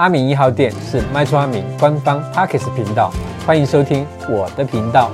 阿明一號店是麥廚阿明官方 p a c k e t s 頻道，歡迎收聽我的頻道。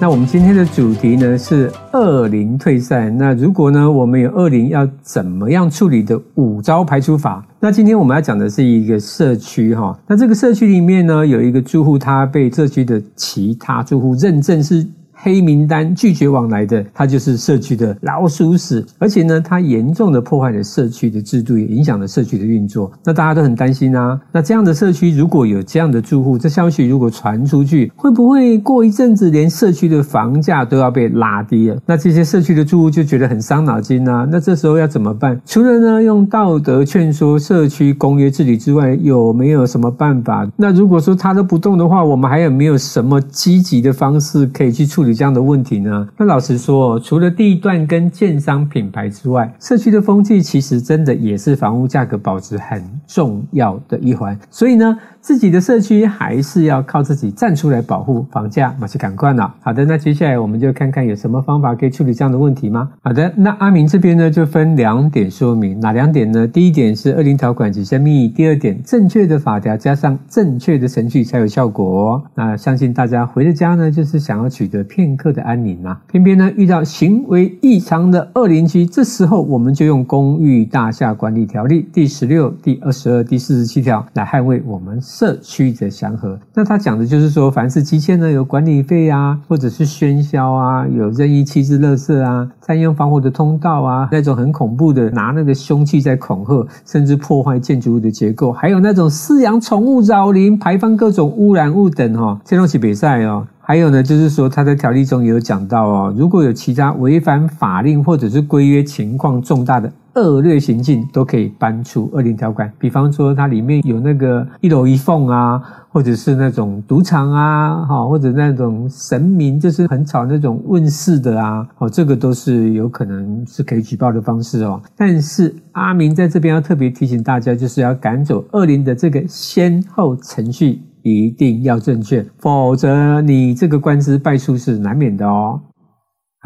那我們今天的主題呢是惡靈退散，那如果呢，我們有惡靈要怎麼樣處理的五招排除法？那今天我們要講的是一個社區哈。那這個社區裡面呢，有一個住戶他被社區的其他住戶認證是。黑名單拒絕往來的，他就是社區的老鼠屎，而且呢，他嚴重的破壞了社區的制度，也影響了社區的運作。那大家都很擔心啊。那這樣的社區如果有這樣的住戶，這消息如果傳出去，會不會過一陣子連社區的房價都要被拉低了？那這些社區的住戶就覺得很傷腦筋啊。那這時候要怎麼辦？除了呢用道德勸說、社區公約治理之外，有沒有什麼辦法？那如果說他都不動的話，我們還有沒有什麼積極的方式可以去處理？這樣的問題呢？那老實說，除了地段跟建商品牌之外，社區的風氣其實真的也是房屋價格保值很重要的一環。所以呢，自己的社區還是要靠自己站出來保護房價，嘛是同款啊。好的，那接下來我們就看看有什麼方法可以處理這樣的問題嗎？好的，那阿明這邊呢就分兩點說明，哪兩點呢？第一點是惡鄰條款及聲明；第二點，正確的法條加上正確的程序才有效果哦。那相信大家回了家呢，就是想要取得。片刻的安寧吶、啊，偏偏呢遇到行為異常的惡鄰居，這時候我們就用《公寓大廈管理條例》第十六、第二十二、第四十七條來捍衛我們社區的祥和。那他講的就是說，凡是積欠呢有管理費啊，或者是喧囂啊，有任意棄置垃圾啊，占用防火的通道啊，那種很恐怖的拿那個兇器在恐嚇，甚至破壞建築物的結構，還有那種飼養寵物擾鄰、排放各種污染物等，哈，這東起比賽哦。還有呢，就是說他在條例中也有講到哦，如果有其他違反法令或者是規約情況重大的惡劣行徑，都可以搬出二零條款。比方說它裡面有那個一樓一鳳啊，或者是那種賭場啊，哈，或者那種神明，就是很吵那種問事的啊，哦，這個都是有可能是可以舉報的方式哦。但是阿明在這邊要特別提醒大家，就是要趕走惡鄰的這個先後程序，一定要正確，否則你這個官司敗訴是難免的哦。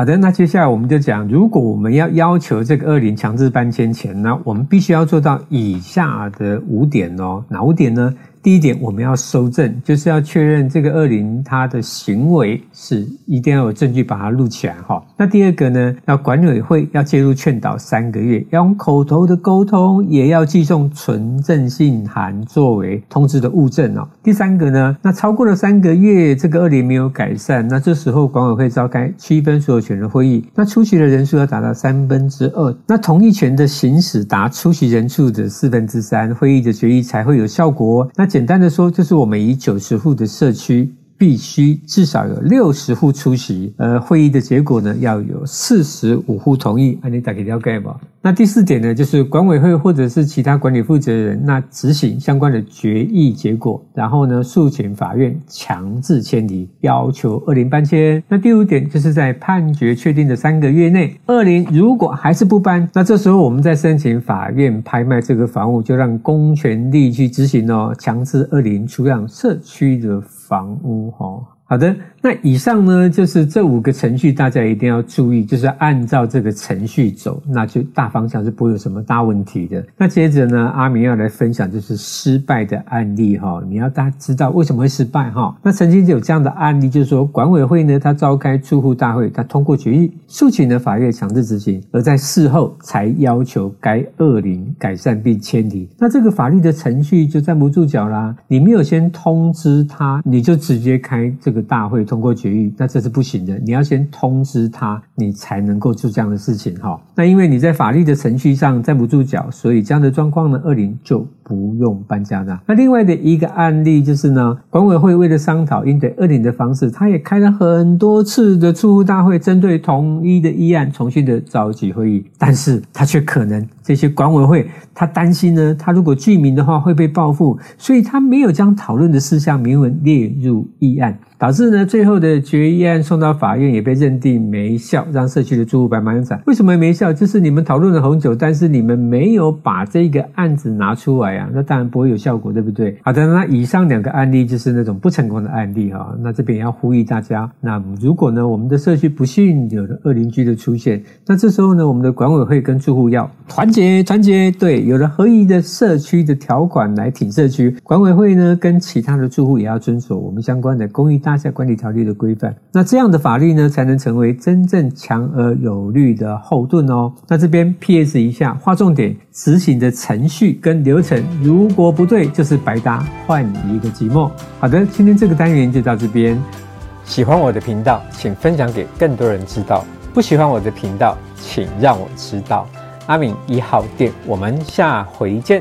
好的，那接下來我們就講，如果我們要要求這個惡鄰強制搬遷前，那我們必須要做到以下的五點哦。哪五點呢？第一點，我們要蒐證，就是要確認這個惡鄰他的行為是一定要有證據把它錄起來哈。那第二個呢，那管委會要介入勸導三個月，要用口頭的溝通，也要寄送存證信函作為通知的物證哦。第三個呢，那超過了三個月，這個惡鄰沒有改善，那這時候管委會召開區分所有權舉了會議，那出席的人數要達到三分之二，那同意權的行使達出席人數的四分之三，會議的決議才會有效果。那簡單的說，就是我們以九十戶的社區，必須至少有六十戶出席，呃，會議的結果呢，要有四十五戶同意，啊，你那第四點呢，就是管委會或者是其他管理負責人，那執行相關的決議結果，然後呢，訴請法院強制遷離，要求惡鄰搬遷。那第五點就是在判決確定的三個月內，惡鄰如果還是不搬，那這時候我們再申請法院拍賣這個房屋，就讓公權力去執行哦，強制惡鄰出讓社區的房屋哈。好的。那以上呢，就是這五個程序，大家一定要注意，就是按照這個程序走，那就大方向是不會有什麼大問題的。那接着呢，阿明要來分享就是失敗的案例哈、哦，你要大家知道為什麼會失敗哈、哦。那曾經就有這樣的案例，就是說管委會呢，他召開住戶大會，他通過決議，訴請了法院強制執行，而在事後才要求該惡鄰改善並遷離，那這個法律的程序就站不住腳啦、啊。你沒有先通知他，你就直接開這個大會。通過決議，那這是不行的。你要先通知他，你才能夠做這樣的事情哈。那因為你在法律的程序上站不住腳，所以這樣的狀況呢，惡鄰就不用搬家了。那另外的一個案例就是呢，管委會為了商討應對惡鄰的方式，他也開了很多次的住戶大會，針對同一的議案重新的召集會議。但是，他卻可能這些管委會他擔心呢，他如果具名的話會被報復，所以他沒有將討論的事項明文列入議案。導致呢，最後的決議案送到法院也被認定沒效，讓社區的住戶白忙一場。為什麼沒效？就是你們討論了很久，但是你們沒有把這個案子拿出來啊，那當然不會有效果，對不對？好的，那以上兩個案例就是那種不成功的案例啊，那這邊也要呼籲大家，那如果呢，我們的社區不幸有了惡鄰居的出現，那這時候呢，我們的管委會跟住戶要團結團結，對，有了合宜的社區的條款來挺社區管委會呢，跟其他的住戶也要遵守我們相關的公約，下管理條例的規範，那這樣的法律呢，才能成為真正強而有力的後盾哦。那這邊 P S 一下，劃重點，執行的程序跟流程如果不對，就是白搭，換你一個寂寞。好的，今天這個單元就到這邊。喜歡我的頻道，請分享給更多人知道；不喜歡我的頻道，請讓我知道。阿明一號店，我們下回見。